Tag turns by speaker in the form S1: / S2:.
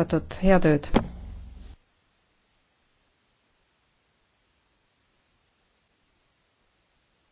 S1: austatud, head ööd!